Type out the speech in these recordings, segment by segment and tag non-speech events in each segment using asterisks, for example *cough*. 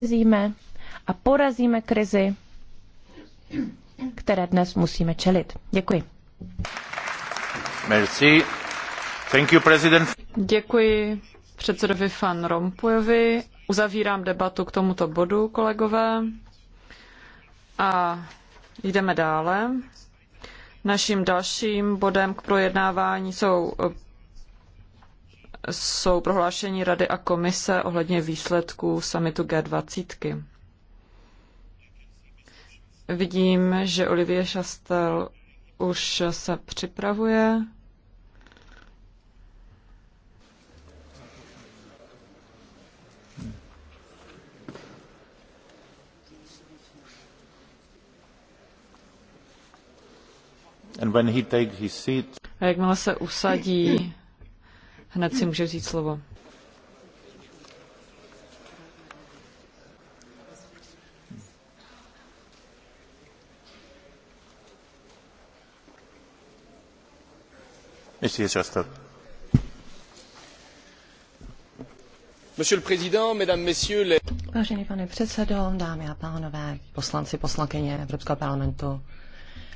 zvítězíme a porazíme krizi, které dnes musíme čelit. Děkuji. Merci. Thank you, president. Děkuji předsedovi Fan Rompuyovi. Uzavírám debatu k tomuto bodu, kolegové. A jdeme dále. Naším dalším bodem k projednávání jsou jsou prohlášení Rady a Komise ohledně výsledků summitu G20. Vidím, že Olivier Chastel už se připravuje. And when he take his seat... A jakmile se usadí, hned si může vzít slovo. Vážený pane předsedo, dámy a pánové, poslanci, poslankyně Evropského parlamentu,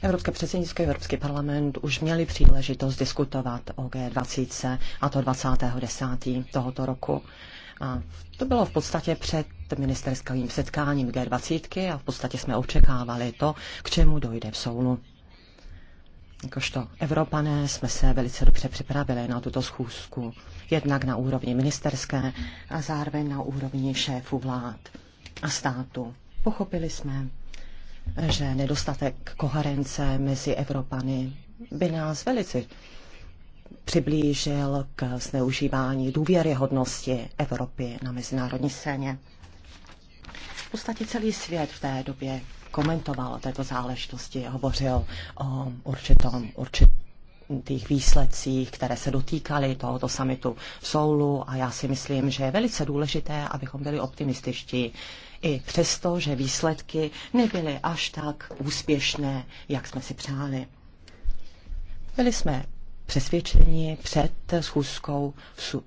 Evropské předsednictví, Evropský parlament už měli příležitost diskutovat o G20 a to 20.10. tohoto roku. A to bylo v podstatě před ministerským setkáním G20 a v podstatě jsme očekávali to, k čemu dojde v Soulu. Jakožto Evropané jsme se velice dobře připravili na tuto schůzku, jednak na úrovni ministerské a zároveň na úrovni šéfů vlád a státu. Pochopili jsme, že nedostatek koherence mezi Evropany by nás velice přiblížil k zneužívání důvěryhodnosti Evropy na mezinárodní scéně. V podstatě celý svět v té době komentoval o této záležitosti, hovořil o určitom, určitých výsledcích, které se dotýkaly tohoto samitu v Soulu a já si myslím, že je velice důležité, abychom byli optimističtí i přesto, že výsledky nebyly až tak úspěšné, jak jsme si přáli. Byli jsme přesvědčeni před schůzkou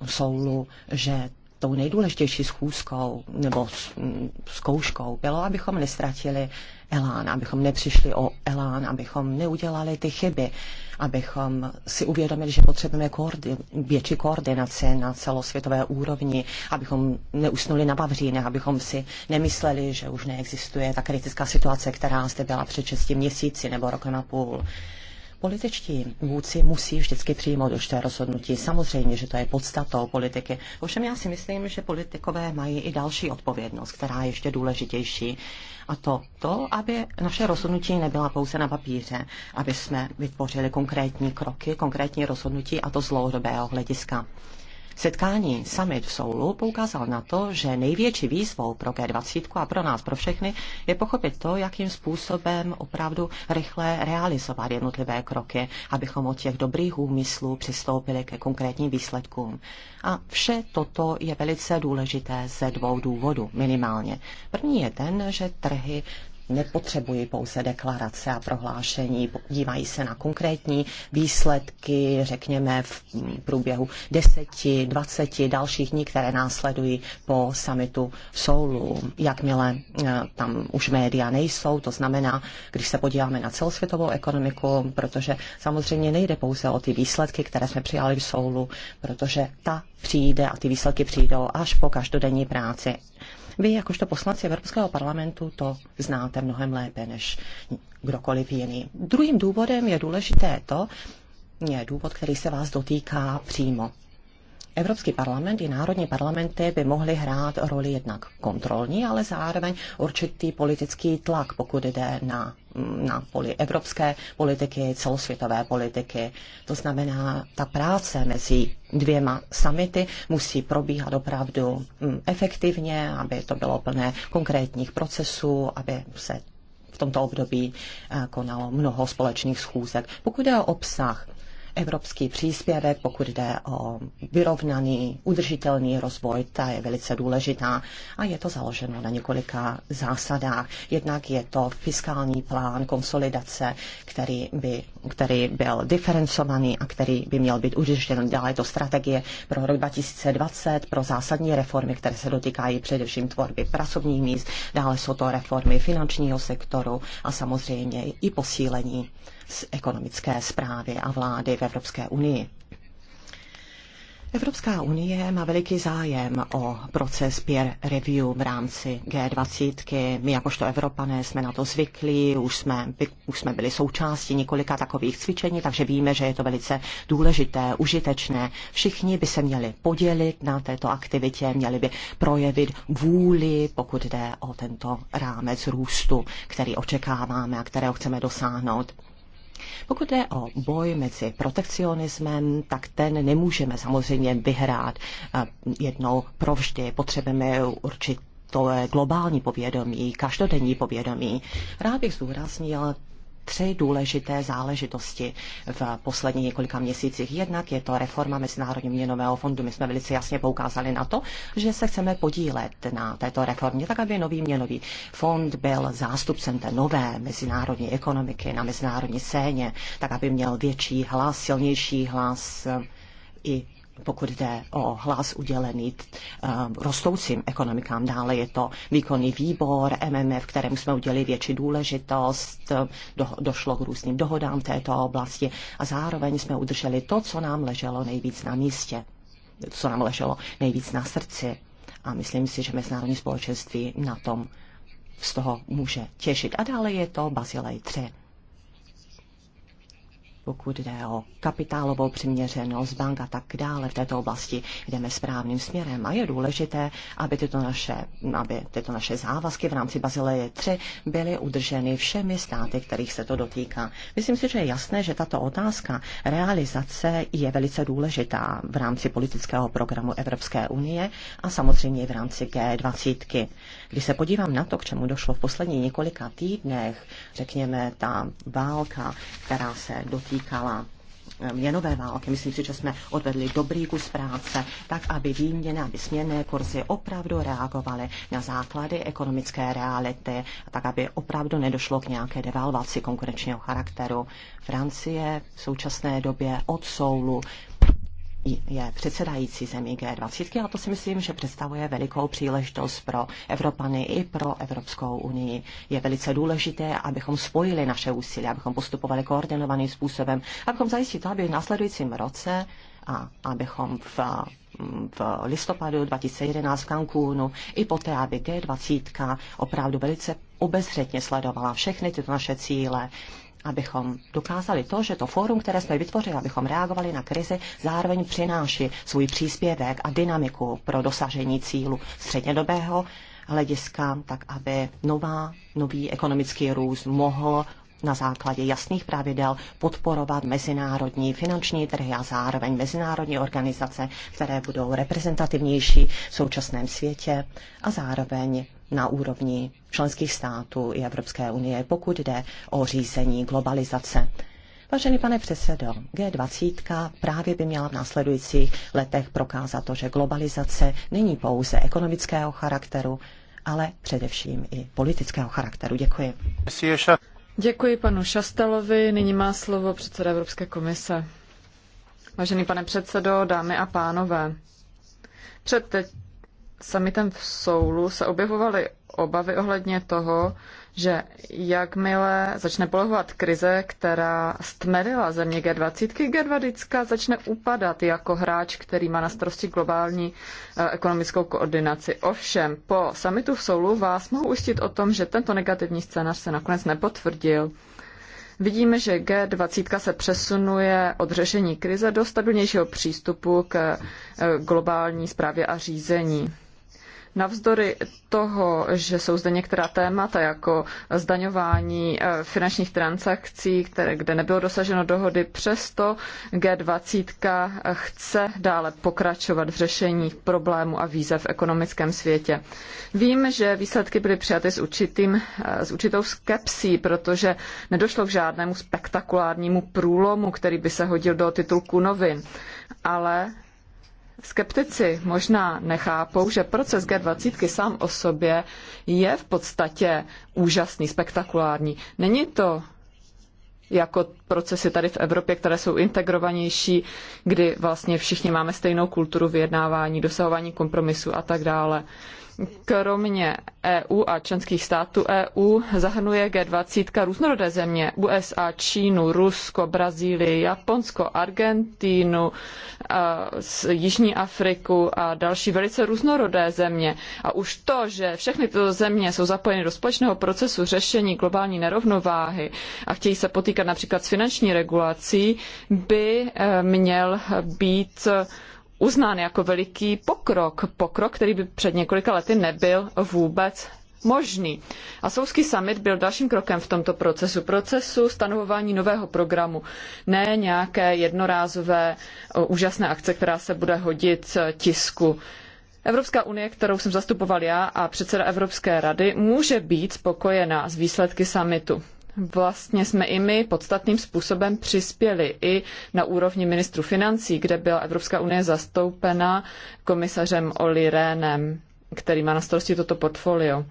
Soulu, že tou nejdůležitější schůzkou nebo mm, zkouškou bylo, abychom nestratili elán, abychom nepřišli o elán, abychom neudělali ty chyby, abychom si uvědomili, že potřebujeme koordi- větší koordinace na celosvětové úrovni, abychom neusnuli na bavříne, abychom si nemysleli, že už neexistuje ta kritická situace, která zde byla před 6 měsíci nebo rokem a půl. Političtí vůdci musí vždycky přijmout určité rozhodnutí. Samozřejmě, že to je podstatou politiky. Ovšem já si myslím, že politikové mají i další odpovědnost, která je ještě důležitější. A to, to, aby naše rozhodnutí nebyla pouze na papíře, aby jsme vytvořili konkrétní kroky, konkrétní rozhodnutí a to z dlouhodobého hlediska setkání summit v Soulu poukázal na to, že největší výzvou pro G20 a pro nás, pro všechny, je pochopit to, jakým způsobem opravdu rychle realizovat jednotlivé kroky, abychom od těch dobrých úmyslů přistoupili ke konkrétním výsledkům. A vše toto je velice důležité ze dvou důvodů, minimálně. První je ten, že trhy nepotřebují pouze deklarace a prohlášení, dívají se na konkrétní výsledky, řekněme v průběhu deseti, dvaceti dalších dní, které následují po samitu v Soulu. Jakmile eh, tam už média nejsou, to znamená, když se podíváme na celosvětovou ekonomiku, protože samozřejmě nejde pouze o ty výsledky, které jsme přijali v Soulu, protože ta přijde a ty výsledky přijdou až po každodenní práci vy, jakožto poslanci Evropského parlamentu, to znáte mnohem lépe než kdokoliv jiný. Druhým důvodem je důležité to, je důvod, který se vás dotýká přímo. Evropský parlament i národní parlamenty by mohly hrát roli jednak kontrolní, ale zároveň určitý politický tlak, pokud jde na na poli evropské politiky, celosvětové politiky. To znamená, ta práce mezi dvěma samity musí probíhat opravdu mm, efektivně, aby to bylo plné konkrétních procesů, aby se v tomto období eh, konalo mnoho společných schůzek. Pokud je o obsah, evropský příspěvek, pokud jde o vyrovnaný, udržitelný rozvoj, ta je velice důležitá a je to založeno na několika zásadách. Jednak je to fiskální plán konsolidace, který by který byl diferencovaný a který by měl být uřešen. Dále je to strategie pro rok 2020, pro zásadní reformy, které se dotýkají především tvorby pracovních míst, dále jsou to reformy finančního sektoru a samozřejmě i posílení z ekonomické zprávy a vlády v Evropské unii. Evropská unie má veliký zájem o proces peer review v rámci G20. My jakožto Evropané jsme na to zvyklí, už jsme, už jsme byli součástí několika takových cvičení, takže víme, že je to velice důležité, užitečné. Všichni by se měli podělit na této aktivitě, měli by projevit vůli, pokud jde o tento rámec růstu, který očekáváme a kterého chceme dosáhnout. Pokud je o boj mezi protekcionismem, tak ten nemůžeme samozřejmě vyhrát eh, jednou provždy. Potřebujeme určitě to je globální povědomí, každodenní povědomí. Rád bych zdůraznil tři důležité záležitosti v posledních několika měsících. Jednak je to reforma Mezinárodního měnového fondu. My jsme velice jasně poukázali na to, že se chceme podílet na této reformě, tak aby nový měnový fond byl zástupcem té nové mezinárodní ekonomiky na mezinárodní scéně, tak aby měl větší hlas, silnější hlas eh, i pokud jde o hlas udělený eh, rostoucím ekonomikám. Dále je to výkonný výbor MMF, kterému jsme udělili větší důležitost, eh, do, došlo k různým dohodám v této oblasti a zároveň jsme udrželi to, co nám leželo nejvíc na místě, co nám leželo nejvíc na srdci. A myslím si, že mezinárodní společenství na tom z toho může těšit. A dále je to Bazilej 3 pokud jde o kapitálovou přiměřenost bank a tak dále v této oblasti, jdeme správným směrem. A je důležité, aby tyto naše, aby tyto naše závazky v rámci Bazileje 3 byly udrženy všemi státy, kterých se to dotýká. Myslím si, že je jasné, že tato otázka realizace je velice důležitá v rámci politického programu Evropské unie a samozřejmě v rámci G20. Když se podívám na to, k čemu došlo v posledních několika týdnech, řekněme ta válka, která se dotýkala eh, měnové války. Myslím si, že jsme odvedli dobrý kus práce, tak aby výměny, aby směrné kurzy opravdu reagovaly na základy ekonomické reality, tak aby opravdu nedošlo k nějaké devalvaci konkurenčního charakteru. Francie v současné době od Soulu je předsedající zemí G20 a to si myslím, že představuje velikou příležitost pro Evropany i pro Evropskou unii. Je velice důležité, abychom spojili naše úsilí, abychom postupovali koordinovaným způsobem, abychom zajistili to, aby v následujícím roce a abychom v v listopadu 2011 v Cancúnu, i poté, aby G20 opravdu velice obezřetně sledovala všechny tyto naše cíle abychom dokázali to, že to fórum, které jsme vytvořili, abychom reagovali na krizi, zároveň přináší svůj příspěvek a dynamiku pro dosažení cílu střednědobého hlediska, tak aby nová, nový ekonomický růst mohl na základě jasných pravidel podporovat mezinárodní finanční trhy a zároveň mezinárodní organizace, které budou reprezentativnější v současném světě a zároveň na úrovni členských států i Evropské unie, pokud jde o řízení globalizace. Vážený pane předsedo, G20 právě by měla v následujících letech prokázat to, že globalizace není pouze ekonomického charakteru, ale především i politického charakteru. Děkuji. Děkuji panu Šastalovi. Nyní má slovo předseda Evropské komise. Vážený pane předsedo, dámy a pánové, před summitem v Soulu se objevovaly obavy ohledně toho, že jakmile začne polohovat krize, která stmerila země G20, G20 začne upadat jako hráč, který má na starosti globální eh, ekonomickou koordinaci. Ovšem, po samitu v Soulu vás mohu ujistit o tom, že tento negativní scénář se nakonec nepotvrdil. Vidíme, že G20 se přesunuje od řešení krize do stabilnějšího přístupu k eh, globální správě a řízení. Navzdory toho, že jsou zde některá témata jako zdaňování eh, finančních transakcí, které, kde nebylo dosaženo dohody, přesto G20 chce dále pokračovat v řešení problémů a výzev v ekonomickém světě. Vím, že výsledky byly přijaty s, určitým, eh, s určitou skepsí, protože nedošlo k žádnému spektakulárnímu průlomu, který by se hodil do titulku novin. Ale Skeptici možná nechápou, že proces G20 sám o sobě je v podstatě úžasný, spektakulární. Není to jako procesy tady v Evropě, které jsou integrovanější, kdy vlastně všichni máme stejnou kulturu vyjednávání, dosahování kompromisu a tak dále kromě EU a členských států EU zahrnuje G20 různorodé země USA, Čínu, Rusko, Brazílii, Japonsko, Argentínu, Jižní Afriku a další velice různorodé země. A už to, že všechny tyto země jsou zapojeny do společného procesu řešení globální nerovnováhy a chtějí se potýkat například s finanční regulací, by e, měl být uznán jako veliký pokrok, pokrok, který by před několika lety nebyl vůbec možný. A Souvský summit byl dalším krokem v tomto procesu, procesu stanovování nového programu, ne nějaké jednorázové eh, úžasné akce, která se bude hodit tisku. Evropská unie, kterou jsem zastupoval já a předseda Evropské rady, může být spokojená s výsledky summitu vlastně jsme i my podstatným způsobem přispěli i na úrovni ministru financí, kde byla Evropská unie zastoupena komisařem Oli Rénem, který má na starosti toto portfolio.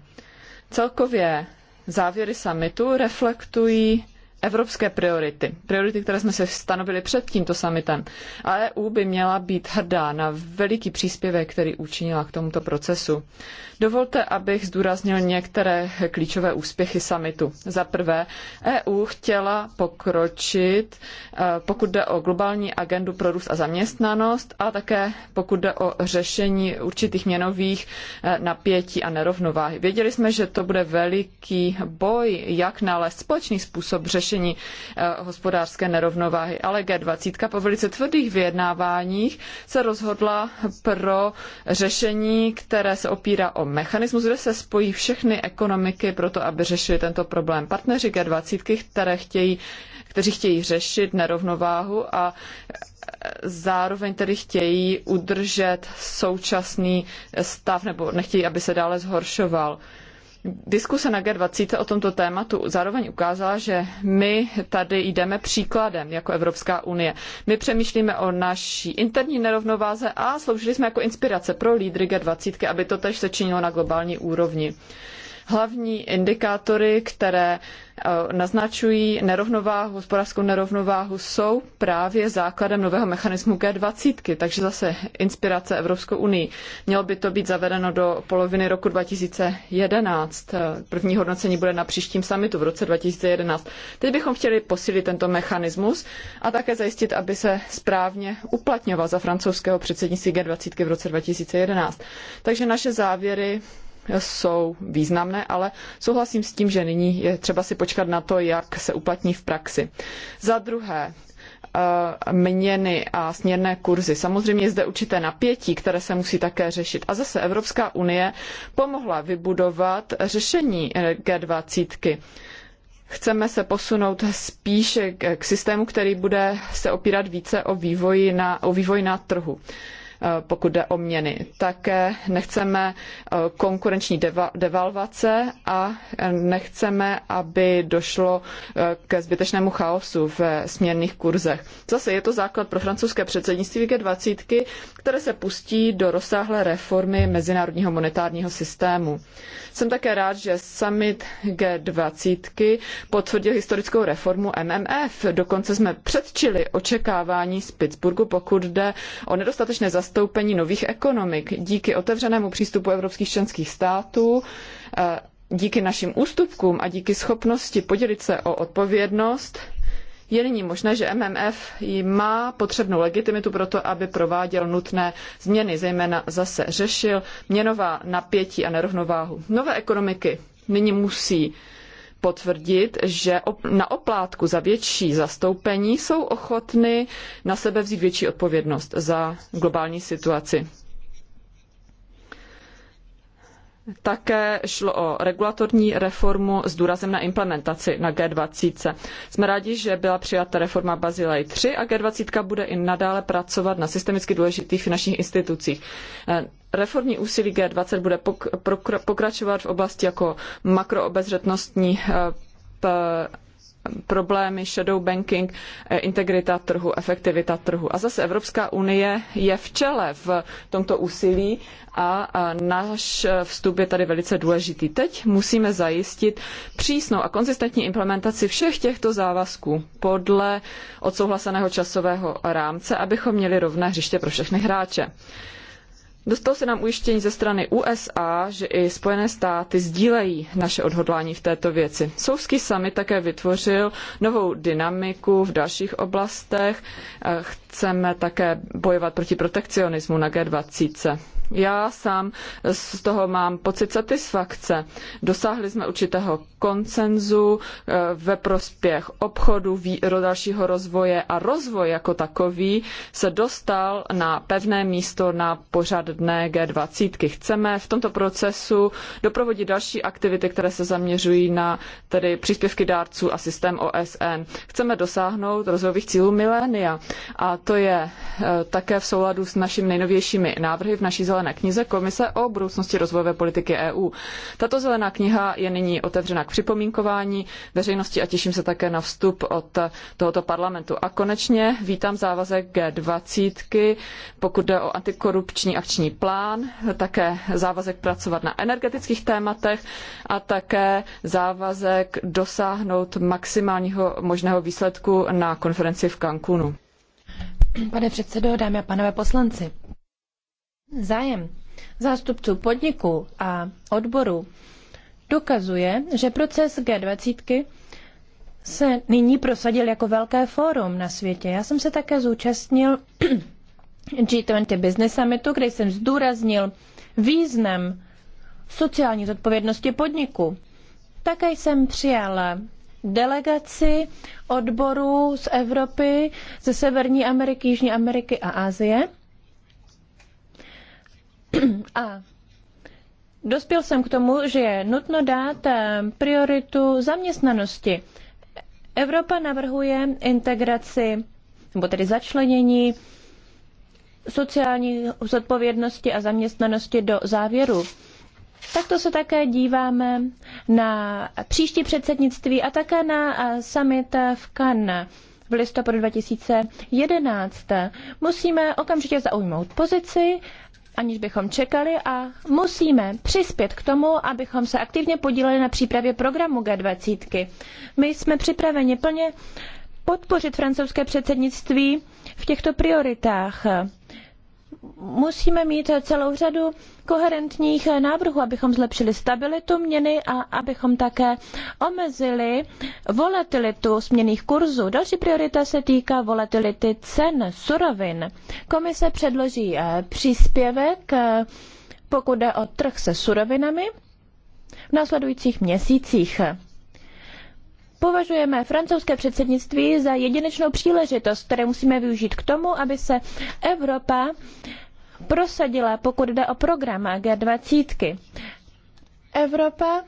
Celkově závěry summitu reflektují evropské priority, priority, které jsme se stanovili před tímto summitem. A EU by měla být hrdá na veliký příspěvek, který učinila k tomuto procesu. Dovolte, abych zdůraznil některé klíčové úspěchy summitu. Za prvé, EU chtěla pokročit, eh, pokud jde o globální agendu pro růst a zaměstnanost a také pokud jde o řešení určitých měnových eh, napětí a nerovnováhy. Věděli jsme, že to bude veliký boj, jak nalézt společný způsob řešení eh, hospodářské nerovnováhy, ale G20 po velice tvrdých vyjednáváních se rozhodla pro řešení, které se opírá o mechanismus, kde se spojí všechny ekonomiky pro to, aby řešili tento problém. Partneři G20, které chtějí, kteří chtějí řešit nerovnováhu a zároveň tedy chtějí udržet současný stav nebo nechtějí, aby se dále zhoršoval. Diskuse na G20 o tomto tématu zároveň ukázala, že my tady jdeme příkladem jako Evropská unie. My přemýšlíme o naší interní nerovnováze a sloužili jsme jako inspirace pro lídry G20, aby to tež se činilo na globální úrovni hlavní indikátory, které eh, naznačují nerovnováhu, hospodářskou nerovnováhu, jsou právě základem nového mechanismu G20, takže zase inspirace Evropskou unii. Mělo by to být zavedeno do poloviny roku 2011. První hodnocení bude na příštím summitu v roce 2011. Teď bychom chtěli posílit tento mechanismus a také zajistit, aby se správně uplatňoval za francouzského předsednictví G20 v roce 2011. Takže naše závěry jsou významné, ale souhlasím s tím, že nyní je třeba si počkat na to, jak se uplatní v praxi. Za druhé, eh, měny a směrné kurzy. Samozřejmě je zde určité napětí, které se musí také řešit. A zase Evropská unie pomohla vybudovat řešení eh, G20. chceme se posunout spíše k, systému, který bude se opírat více o vývoj na, o vývoj na trhu. Eh, pokud jde o měny. Také nechceme eh, konkurenční devalvace a eh, nechceme, aby došlo ke zbytečnému chaosu v směrných kurzech. Zase je to základ pro francouzské předsednictví G20, které se pustí do rozsáhlé reformy mezinárodního monetárního systému. Jsem také rád, že summit G20 potvrdil historickou reformu MMF. Dokonce jsme předčili očekávání z Pittsburghu, pokud jde o nedostatečné zastoupení zastoupení nových ekonomik. Díky otevřenému přístupu evropských členských států eh, díky našim ústupkům a díky schopnosti podělit se o odpovědnost je nyní možné, že MMF má potřebnou legitimitu pro to, aby prováděl nutné změny, zejména zase řešil měnová napětí a nerovnováhu. Nové ekonomiky nyní musí potvrdit, že na oplátku za větší zastoupení jsou ochotny na sebe vzít větší odpovědnost za globální situaci. Také šlo o regulatorní reformu s důrazem na implementaci na G20. Jsme rádi, že byla přijata reforma Bazilej 3 a G20 bude i nadále pracovat na systemicky důležitých finančních institucích. Eh, reformní úsilí G20 bude pokračovat v oblasti jako makroobezřetnostní eh, problémy, shadow banking, eh, integrita trhu, efektivita trhu. A zase Evropská unie je v čele v tomto úsilí a náš eh, vstup je tady velice důležitý. Teď musíme zajistit přísnou a konzistentní implementaci všech těchto závazků podle odsouhlaseného časového rámce, abychom měli rovné hřiště pro všechny hráče. Dostalo se nám ujištění ze strany USA, že i Spojené státy sdílejí naše odhodlání v této věci. Souvský summit také vytvořil novou dynamiku v dalších oblastech. Eh, chceme také bojovat proti protekcionismu na G20. Já sám z toho mám pocit satisfakce. Dosáhli jsme určitého Konsenzu eh, ve prospěch obchodu, dalšího rozvoje a rozvoj jako takový se dostal na pevné místo na pořad dne G20. Chceme v tomto procesu doprovodit další aktivity, které se zaměřují na tedy příspěvky dárců a systém OSN. Chceme dosáhnout rozvojových cílů milénia a to je eh, také v souladu s našimi nejnovějšími návrhy v naší zelené knize Komise o budoucnosti rozvojové politiky EU. Tato zelená kniha je nyní otevřena k připomínkování veřejnosti a těším se také na vstup od tohoto parlamentu. A konečně vítám závazek G20, pokud jde o antikorupční akční plán, také závazek pracovat na energetických tématech a také závazek dosáhnout maximálního možného výsledku na konferenci v Cancunu. Pane předsedo, dámy a pánové poslanci, zájem zástupců podniků a odborů dokazuje, že proces G20 se nyní prosadil jako velké fórum na světě. Já jsem se také zúčastnil *clears throat* G20 Business Summitu, kde jsem zdůraznil význam sociální zodpovědnosti podniku. Také jsem přijala delegaci odborů z Evropy, ze Severní Ameriky, Jižní Ameriky a Asie. *clears throat* A dospěl jsem k tomu, že je nutno dát eh, prioritu zaměstnanosti. Evropa navrhuje integraci, nebo tedy začlenění sociální zodpovědnosti a zaměstnanosti do závěru. Takto se také díváme na příští předsednictví a také na eh, summit v Cannes v listopadu 2011. Musíme okamžitě zaujmout pozici aniž bychom čekali a musíme přispět k tomu, abychom se aktivně podíleli na přípravě programu G20. My jsme připraveni plně podpořit francouzské předsednictví v těchto prioritách musíme mít celou řadu koherentních návrhů, abychom zlepšili stabilitu měny a abychom také omezili volatilitu směných kurzů. Další priorita se týká volatility cen surovin. Komise předloží eh, příspěvek, eh, pokud jde o trh se surovinami, v následujících měsících. Považujeme francouzské předsednictví za jedinečnou příležitost, které musíme využít k tomu, aby se Evropa prosadila, pokud jde o program G20. Evropa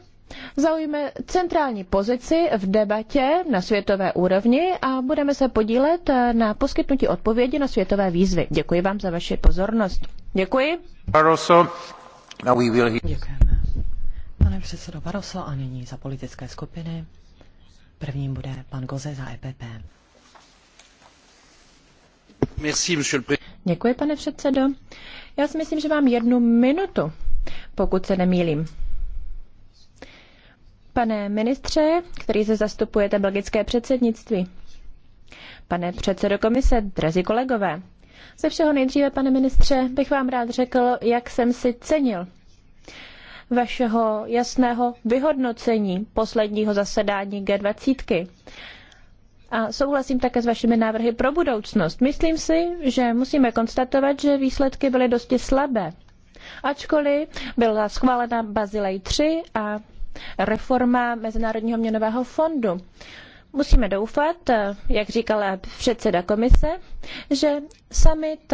zaujme centrální pozici v debatě na světové úrovni a budeme se podílet na poskytnutí odpovědi na světové výzvy. Děkuji vám za vaši pozornost. Děkuji. Barroso. Now we will... Děkujeme. Pane předsedo Barroso a nyní za politické skupiny. Prvním bude pan Goze za EPP. Děkuji, pane předsedo. Já si myslím, že mám jednu minutu, pokud se nemýlím. Pane ministře, který se zastupujete belgické předsednictví. Pane předsedo komise, drazí kolegové. Ze všeho nejdříve, pane ministře, bych vám rád řekl, jak jsem si cenil vašeho jasného vyhodnocení posledního zasedání G20. A souhlasím také s vašimi návrhy pro budoucnost. Myslím si, že musíme konstatovat, že výsledky byly dosti slabé. Ačkoliv byla schválena Bazilej 3 a reforma Mezinárodního měnového fondu. Musíme doufat, jak říkala předseda komise, že summit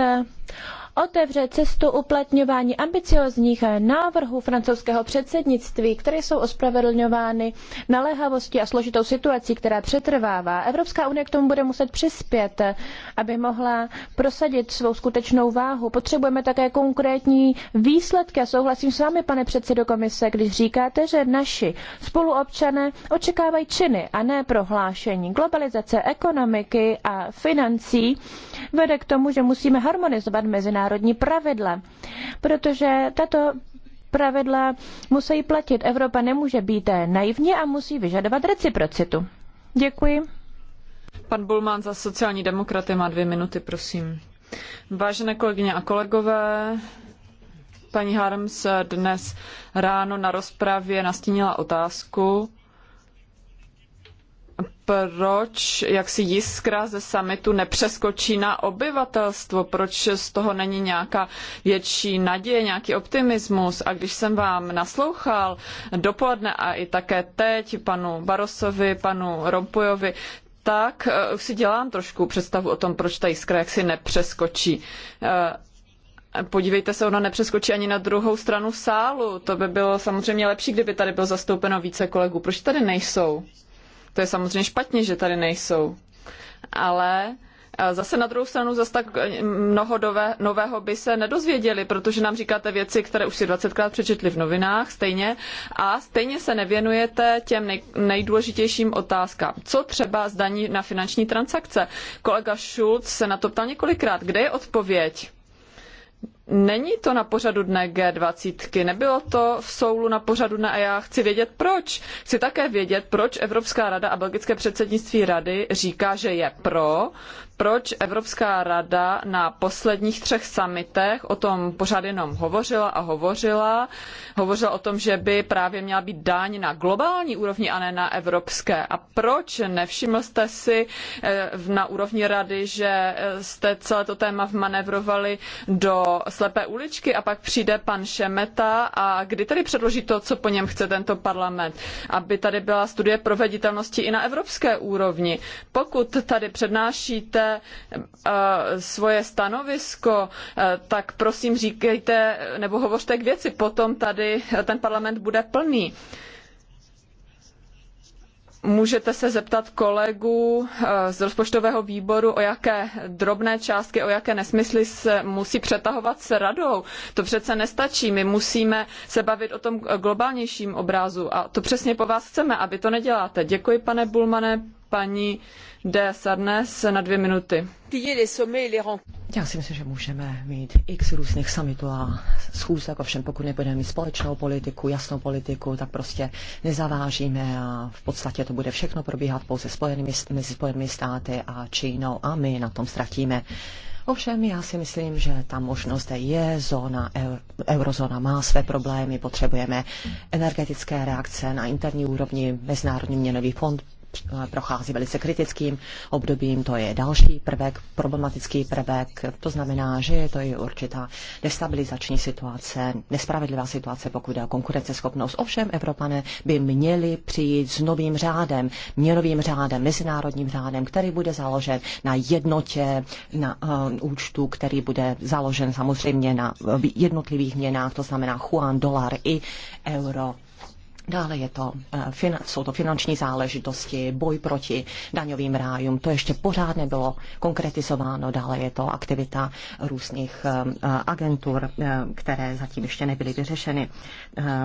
otevře cestu uplatňování ambiciozních eh, návrhů francouzského předsednictví, které jsou ospravedlňovány naléhavostí a složitou situací, která přetrvává. Evropská unie k tomu bude muset přispět, eh, aby mohla prosadit svou skutečnou váhu. Potřebujeme také konkrétní výsledky a souhlasím s vámi, pane předsedo komise, když říkáte, že naši spoluobčané očekávají činy a ne prohlášení. Globalizace ekonomiky a financí vede k tomu, že musíme harmonizovat mezinárodní národní pravidla, protože tato pravidla musí platit. Evropa nemůže být naivní a musí vyžadovat reciprocitu. Děkuji. Pan Bulman za sociální demokraty má dvě minuty, prosím. Vážené kolegyně a kolegové, paní Harms dnes ráno na rozpravě nastínila otázku, proč jaksi jiskra ze summitu nepřeskočí na obyvatelstvo, proč z toho není nějaká větší naděje, nějaký optimismus. A když jsem vám naslouchal dopoledne a i také teď panu Barosovi, panu Rompujovi, tak uh, si dělám trošku představu o tom, proč ta jiskra jaksi nepřeskočí. Uh, podívejte se, ona nepřeskočí ani na druhou stranu sálu. To by bylo samozřejmě lepší, kdyby tady bylo zastoupeno více kolegů. Proč tady nejsou? To je samozřejmě špatně, že tady nejsou. Ale eh, Zase na druhou stranu zase tak eh, mnoho nového by se nedozvěděli, protože nám říkáte věci, které už si 20krát přečetli v novinách stejně a stejně se nevěnujete těm nej, nejdůležitějším otázkám. Co třeba zdaní na finanční transakce? Kolega Schulz se na to ptal několikrát. Kde je odpověď? Není to na pořadu dne G20, nebylo to v Soulu na pořadu dne a já chci vědět proč. Chci také vědět, proč Evropská rada a belgické předsednictví rady říká, že je pro, proč Evropská rada na posledních třech summitech o tom pořád jenom hovořila a hovořila. Hovořila o tom, že by právě měla být daň na globální úrovni a ne na evropské. A proč nevšiml jste si eh, na úrovni rady, že eh, jste celé to téma vmanevrovali do slepé uličky a pak přijde pan Šemeta a kdy tedy předloží to, co po něm chce tento parlament, aby tady byla studie proveditelnosti i na evropské úrovni. Pokud tady přednášíte uh, svoje stanovisko, uh, tak prosím říkejte nebo hovořte k věci, potom tady ten parlament bude plný. Uh, Můžete se zeptat kolegů eh, z rozpočtového výboru, o jaké drobné částky, o jaké nesmysly se musí přetahovat s radou. To přece nestačí. My musíme se bavit o tom globálnějším obrazu a to přesně po vás chceme, aby to neděláte. Děkuji, pane Bulmane paní D. Sarnes na dvě minuty. Já si myslím, že můžeme mít x různých summitů a schůzek, ovšem pokud nebudeme mít společnou politiku, jasnou politiku, tak prostě nezavážíme a v podstatě to bude všechno probíhat pouze spojenými, mezi Spojenými státy a Čínou a my na tom ztratíme. Ovšem, já si myslím, že ta možnost je, zóna, eurozóna má své problémy, potřebujeme energetické reakce na interní úrovni, Mezinárodní měnový fond Eh, prochází velice kritickým obdobím, to je další prvek, problematický prvek, to znamená, že je to i určitá destabilizační situace, nespravedlivá situace, pokud je o konkurenceschopnost. Ovšem, Evropané by měli přijít s novým řádem, měnovým řádem, mezinárodním řádem, který bude založen na jednotě, na uh, účtu, který bude založen samozřejmě na jednotlivých měnách, to znamená chuan, dolar i euro Dále je to, eh, jsou to finanční záležitosti, boj proti daňovým rájům, to ještě pořád nebylo konkretizováno. Dále je to aktivita různých eh, eh, agentur, které zatím ještě nebyly vyřešeny,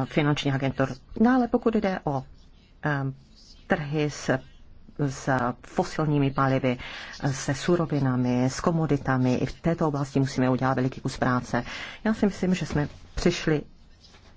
finanční agentur. Dále pokud jde o trhy s s fosilními palivy, se surovinami, s komoditami. I v této oblasti musíme udělat veliký kus práce. Já si myslím, že jsme přišli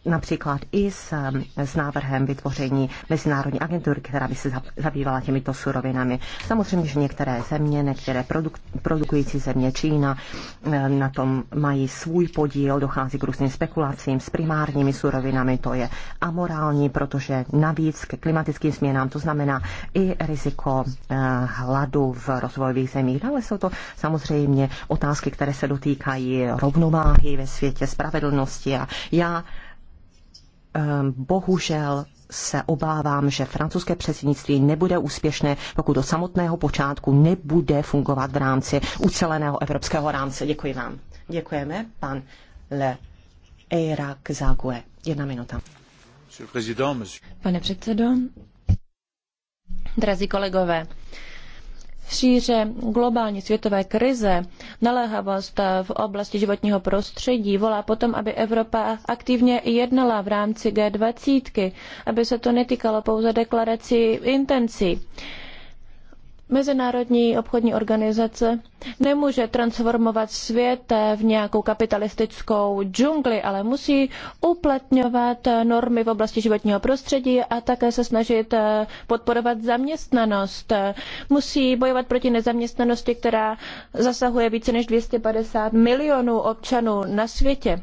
například i s, um, s návrhem vytvoření mezinárodní agentury, která by se zabývala těmito surovinami. Samozřejmě, že některé země, některé produk, produkující země Čína um, na tom mají svůj podíl, dochází k různým spekulacím s primárními surovinami, to je amorální, protože navíc ke klimatickým změnám to znamená i riziko uh, hladu v rozvojových zemích. Dále jsou to samozřejmě otázky, které se dotýkají rovnováhy ve světě, spravedlnosti a já Ehm, bohužel se obávám, že francouzské předsednictví nebude úspěšné, pokud do samotného počátku nebude fungovat v rámci uceleného evropského rámce. Děkuji vám. Děkujeme, pan Le Eirak Zague. Jedna minuta. Pane předsedo, drazí kolegové, šíře globální světové krize, naléhavost v oblasti životního prostředí volá potom, aby Evropa aktivně jednala v rámci G20, aby se to netýkalo pouze deklarací intencí. Mezinárodní obchodní organizace nemůže transformovat svět v nějakou kapitalistickou džungli, ale musí uplatňovat normy v oblasti životního prostředí a také se snažit eh, podporovat zaměstnanost. Musí bojovat proti nezaměstnanosti, která zasahuje více než 250 milionů občanů na světě.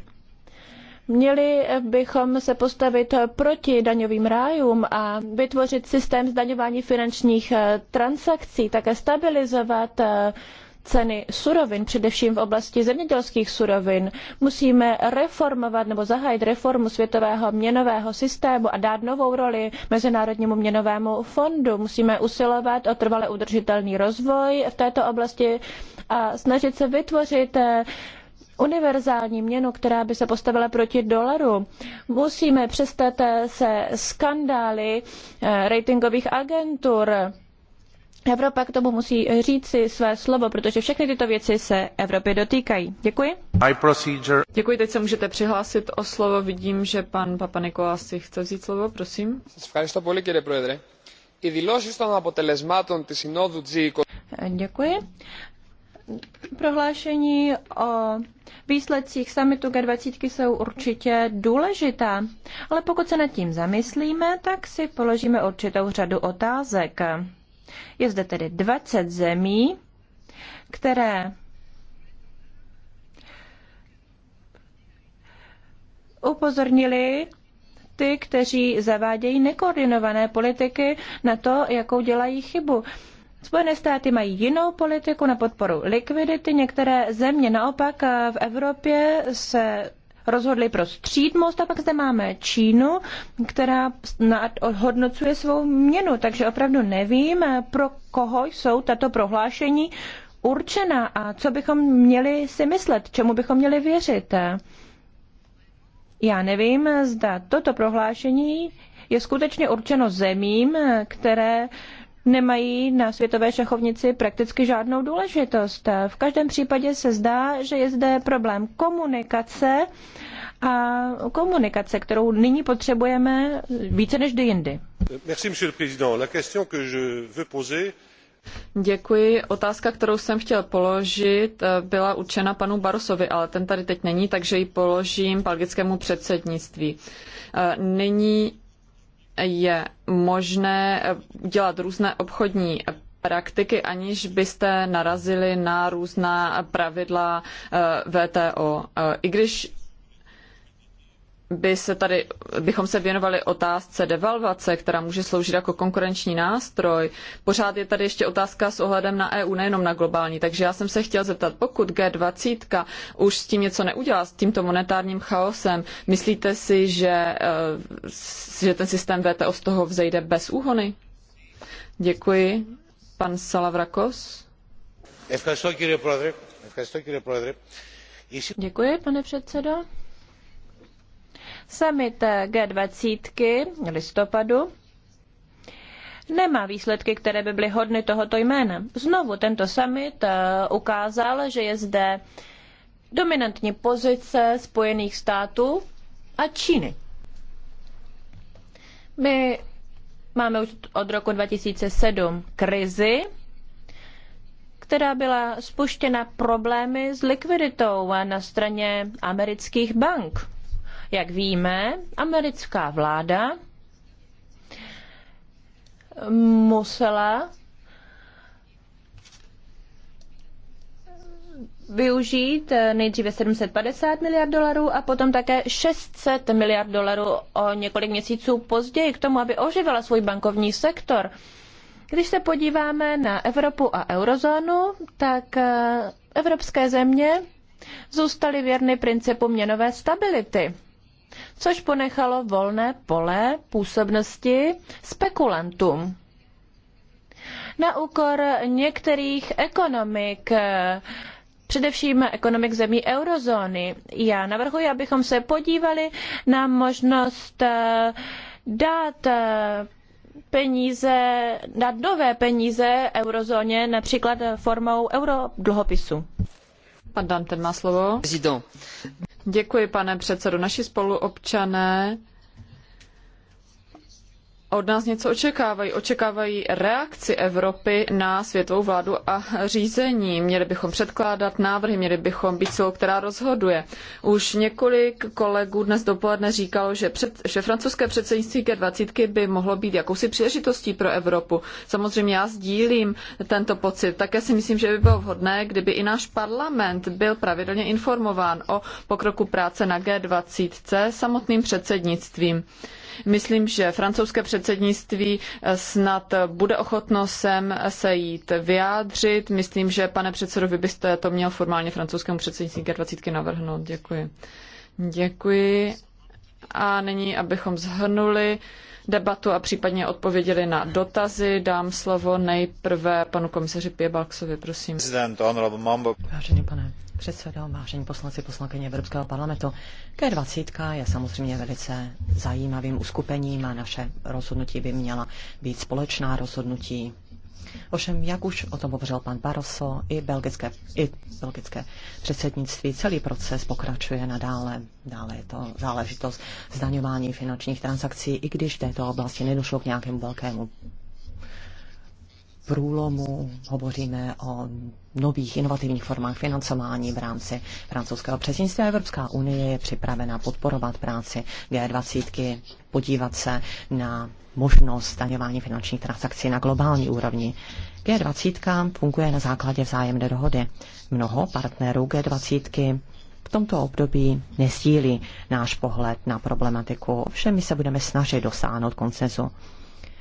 Měli bychom se postavit proti daňovým rájům a vytvořit systém zdaňování finančních eh, transakcí, také stabilizovat eh, ceny surovin, především v oblasti zemědělských surovin. Musíme reformovat nebo zahájit reformu světového měnového systému a dát novou roli Mezinárodnímu měnovému fondu. Musíme usilovat o trvale udržitelný rozvoj v této oblasti a snažit se vytvořit eh, univerzální měnu, která by se postavila proti dolaru. Musíme přestat se skandály eh, ratingových agentur. Evropa k tomu musí říci své slovo, protože všechny tyto věci se Evropy dotýkají. Děkuji. Děkuji, teď se můžete přihlásit o slovo. Vidím, že pan Papa Nikolás si chce vzít slovo, prosím. Děkuji prohlášení o výsledcích summitu G20 jsou určitě důležitá, ale pokud se nad tím zamyslíme, tak si položíme určitou řadu otázek. Je zde tedy 20 zemí, které upozornili ty, kteří zavádějí nekoordinované politiky na to, jakou dělají chybu. Spojené státy mají jinou politiku na podporu likvidity, některé země naopak eh, v Evropě se rozhodly pro střídmost a pak zde máme Čínu, která hodnocuje svou měnu, takže opravdu nevím, eh, pro koho jsou tato prohlášení určena a co bychom měli si myslet, čemu bychom měli věřit. Já nevím, zda toto prohlášení je skutečně určeno zemím, eh, které nemají na světové šachovnici prakticky žádnou důležitost. V každém případě se zdá, že je zde problém komunikace a komunikace, kterou nyní potřebujeme více než kdy jindy. Děkuji. Otázka, kterou jsem chtěl položit, eh, byla určena panu Barosovi, ale ten tady teď není, takže ji položím belgickému předsednictví. Eh, nyní je možné dělat různé obchodní praktiky, aniž byste narazili na různá pravidla eh, VTO. Eh, I když by se tady, bychom se věnovali otázce devalvace, která může sloužit jako konkurenční nástroj. Pořád je tady ještě otázka s ohledem na EU, nejenom na globální. Takže já jsem se chtěl zeptat, pokud G20 už s tím něco neudělá, s tímto monetárním chaosem, myslíte si, že, eh, že ten systém VTO z toho vzejde bez úhony? Děkuji. Pan Salavrakos. Děkuji, pane předsedo. Summit eh, G20 listopadu nemá výsledky, které by byly hodny tohoto jména. Znovu tento summit eh, ukázal, že je zde dominantní pozice Spojených států a Číny. My máme už od roku 2007 krizi, která byla spuštěna problémy s likviditou na straně amerických bank. Jak víme, americká vláda musela využít nejdříve 750 miliard dolarů a potom také 600 miliard dolarů o několik měsíců později k tomu, aby oživila svůj bankovní sektor. Když se podíváme na Evropu a eurozónu, tak eh, evropské země zůstaly věrny principu měnové stability což ponechalo volné pole působnosti spekulantům. Na úkor některých ekonomik, především ekonomik zemí eurozóny, já navrhuji, abychom se podívali na možnost eh, dát eh, peníze, dát nové peníze eurozóně, například formou eurodluhopisu. Pan Dante má slovo. Děkuji, pane předsedo. Naši spoluobčané od nás něco očekávají. Očekávají reakci Evropy na světovou vládu a řízení. Měli bychom předkládat návrhy, měli bychom být silou, která rozhoduje. Už několik kolegů dnes dopoledne říkalo, že, před, že francouzské předsednictví G20 by mohlo být jakousi příležitostí pro Evropu. Samozřejmě já sdílím tento pocit. Také si myslím, že by bylo vhodné, kdyby i náš parlament byl pravidelně informován o pokroku práce na G20 samotným předsednictvím. Myslím, že francouzské předsednictví eh, snad eh, bude ochotno sem eh, se jít vyjádřit. Myslím, že pane předsedo, vy byste to měl formálně francouzskému předsednictví G20 navrhnout. Děkuji. Děkuji. A nyní, abychom zhrnuli debatu a případně odpověděli na dotazy, dám slovo nejprve panu komisaři Piebalksovi, prosím. Vážený pane předsedo, vážení poslanci, poslankyně Evropského parlamentu. k 20 je samozřejmě velice zajímavým uskupením a naše rozhodnutí by měla být společná rozhodnutí. Ovšem, jak už o tom hovořil pan Barroso, i belgické, i belgické předsednictví, celý proces pokračuje nadále. Dále je to záležitost zdaňování finančních transakcí, i když v této oblasti nedošlo k nějakému velkému průlomu, hovoříme o nových inovativních formách financování v rámci francouzského předsednictví. Evropská unie je připravena podporovat práci G20, podívat se na možnost zdaňování finančních transakcí na globální úrovni. G20 funguje na základě vzájemné dohody. Mnoho partnerů G20 v tomto období nesílí náš pohled na problematiku. Ovšem my se budeme snažit dosáhnout koncenzu.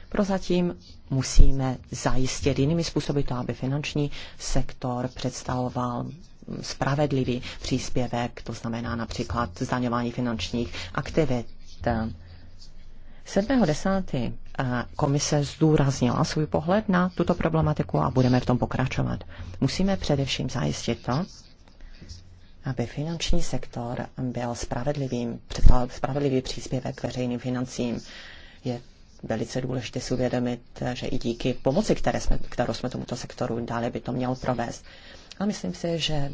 Prozatím musíme zajistit jinými způsoby to, aby finanční sektor představoval spravedlivý příspěvek, to znamená například zdaňování finančních aktivit. 7.10. Eh, komise zdůraznila svůj pohled na tuto problematiku a budeme v tom pokračovat. Musíme především zajistit to, aby finanční sektor byl spravedlivým, spravedlivý příspěvek k veřejným financím. Je velice důležité si uvědomit, že i díky pomoci, které jsme, kterou jsme tomuto sektoru dali, by to mělo provést. A myslím si, že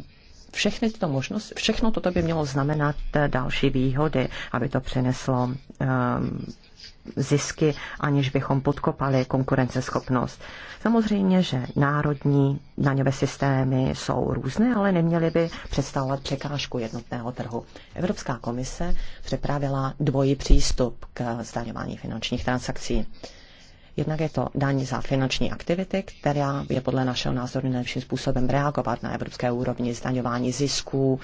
všechny tyto možnosti, všechno toto by mělo znamenat eh, další výhody, aby to přineslo um, zisky, aniž bychom podkopali konkurenceschopnost. Samozřejmě, že národní daňové systémy jsou různé, ale neměly by představovat překážku jednotného trhu. Evropská komise připravila dvojí přístup k zdaňování finančních transakcí. Jednak je to daň za finanční aktivity, která je podle našeho názoru nejlepším způsobem reagovat na evropské úrovni zdaňování zisků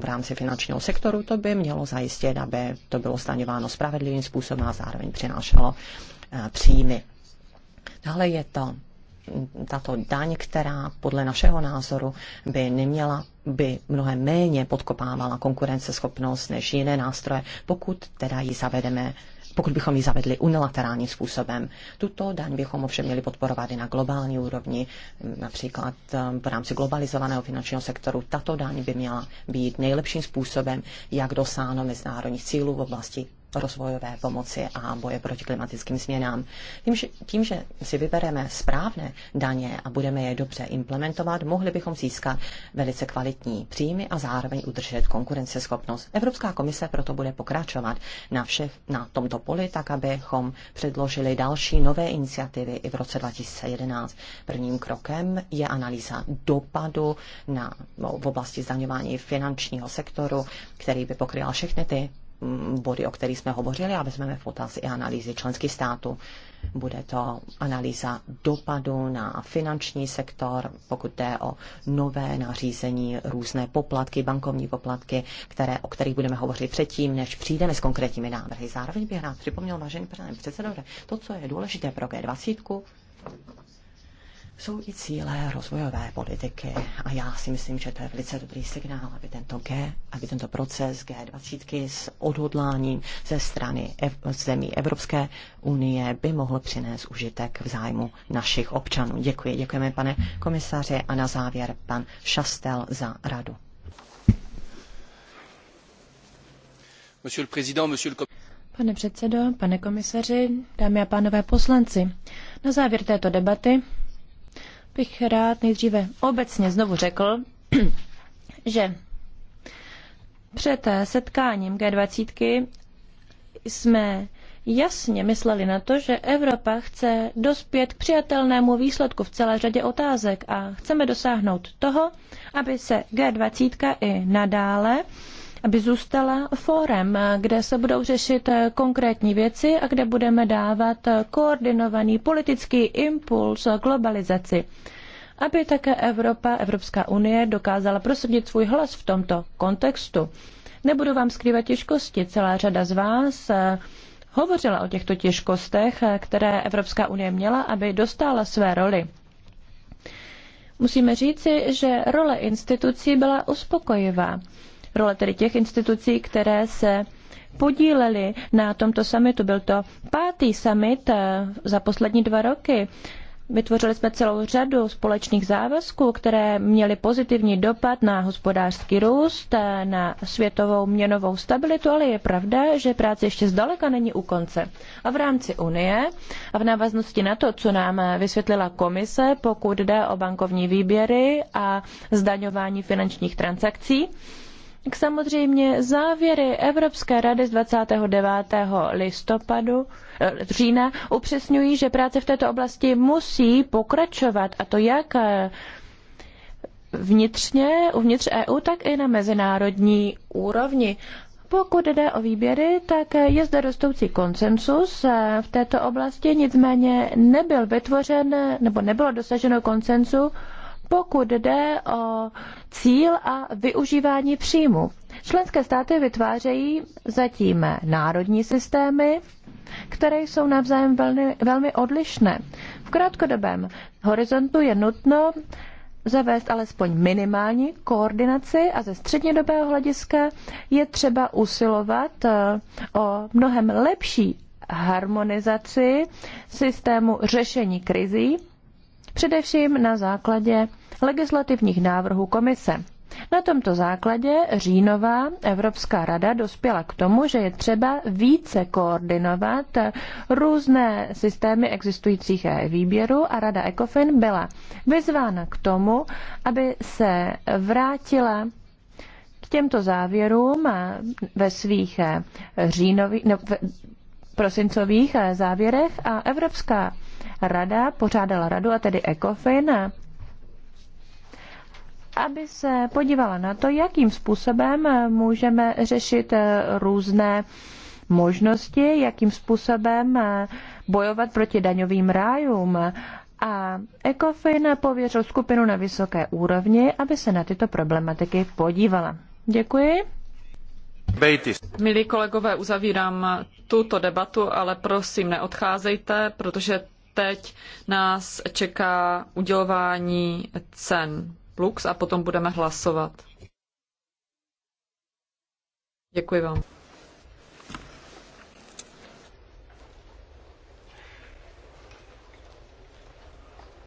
v rámci finančního sektoru. To by mělo zajistit, aby to bylo zdaňováno spravedlivým způsobem a zároveň přinášelo příjmy. Dále je to tato daň, která podle našeho názoru by neměla, by mnohem méně podkopávala konkurenceschopnost než jiné nástroje, pokud teda ji zavedeme pokud bychom ji zavedli unilaterálním způsobem. Tuto daň bychom ovšem měli podporovat i na globální úrovni, například eh, v rámci globalizovaného finančního sektoru. Tato daň by měla být nejlepším způsobem, jak dosáhnout mezinárodních cílů v oblasti rozvojové pomoci a boje proti klimatickým změnám. Tím že, tím, že si vybereme správné daně a budeme je dobře implementovat, mohli bychom získat velice kvalitní příjmy a zároveň udržet konkurenceschopnost. Evropská komise proto bude pokračovat na, vše, na tomto poli, tak abychom předložili další nové iniciativy i v roce 2011. Prvním krokem je analýza dopadu na, v oblasti zdaňování finančního sektoru, který by pokryl všechny ty body, o kterých jsme hovořili a vezmeme v potaz i analýzy členských států. Bude to analýza dopadu na finanční sektor, pokud jde o nové nařízení, různé poplatky, bankovní poplatky, které, o kterých budeme hovořit předtím, než přijdeme s konkrétními návrhy. Zároveň bych rád připomněl, vážený pane předsedo, to, co je důležité pro G20, jsou i cíle rozvojové politiky a já si myslím, že to je velice dobrý signál, aby tento G, aby tento proces G20 s odhodláním ze strany ev, zemí Evropské unie by mohl přinést užitek v zájmu našich občanů. Děkuji, děkujeme pane komisaři a na závěr pan Šastel za radu. Monsieur le président, monsieur le... Pane předsedo, pane komisaři, dámy a pánové poslanci, na závěr této debaty bych rád nejdříve obecně znovu řekl, *clears throat* že před setkáním G20 jsme jasně mysleli na to, že Evropa chce dospět k přijatelnému výsledku v celé řadě otázek a chceme dosáhnout toho, aby se G20 i nadále aby zůstala fórem, kde se budou řešit konkrétní věci a kde budeme dávat koordinovaný politický impuls globalizaci aby také Evropa, Evropská unie dokázala prosadit svůj hlas v tomto kontextu. Nebudu vám skrývat těžkosti, celá řada z vás eh, hovořila o těchto těžkostech, eh, které Evropská unie měla, aby dostala své roli. Musíme říci, že role institucí byla uspokojivá role tedy těch institucí, které se podílely na tomto summitu. Byl to pátý summit eh, za poslední dva roky. Vytvořili jsme celou řadu společných závazků, které měly pozitivní dopad na hospodářský růst, eh, na světovou měnovou stabilitu, ale je pravda, že práce ještě zdaleka není u konce. A v rámci Unie a v návaznosti na to, co nám vysvětlila komise, pokud jde o bankovní výběry a zdaňování finančních transakcí, Samozřejmě závěry Evropské rady z 29. listopadu eh, října upřesňují, že práce v této oblasti musí pokračovat a to jak eh, vnitřně, uvnitř EU, tak i na mezinárodní úrovni. Pokud jde o výběry, tak je zde rostoucí konsensus eh, v této oblasti, nicméně nebyl vytvořen nebo nebylo dosaženo konsensu pokud jde o cíl a využívání příjmu. Členské státy vytvářejí zatím národní systémy, které jsou navzájem velmi, velmi odlišné. V krátkodobém horizontu je nutno zavést alespoň minimální koordinaci a ze střednědobého hlediska je třeba usilovat eh, o mnohem lepší harmonizaci systému řešení krizí, především na základě legislativních návrhů komise. Na tomto základě říjnová Evropská rada dospěla k tomu, že je třeba více koordinovat různé systémy existujících výběru a rada ECOFIN byla vyzvána k tomu, aby se vrátila k těmto závěrům ve svých říjnových, ne, no, v prosincových závěrech a Evropská rada pořádala radu a tedy ECOFIN aby se podívala na to, jakým způsobem můžeme řešit eh, různé možnosti, jakým způsobem eh, bojovat proti daňovým rájům. A ECOFIN pověřil skupinu na vysoké úrovni, aby se na tyto problematiky podívala. Děkuji. Bejtis. Milí kolegové, uzavírám tuto debatu, ale prosím, neodcházejte, protože teď nás čeká udělování cen. Lux a potom budeme hlasovat. Děkuji vám.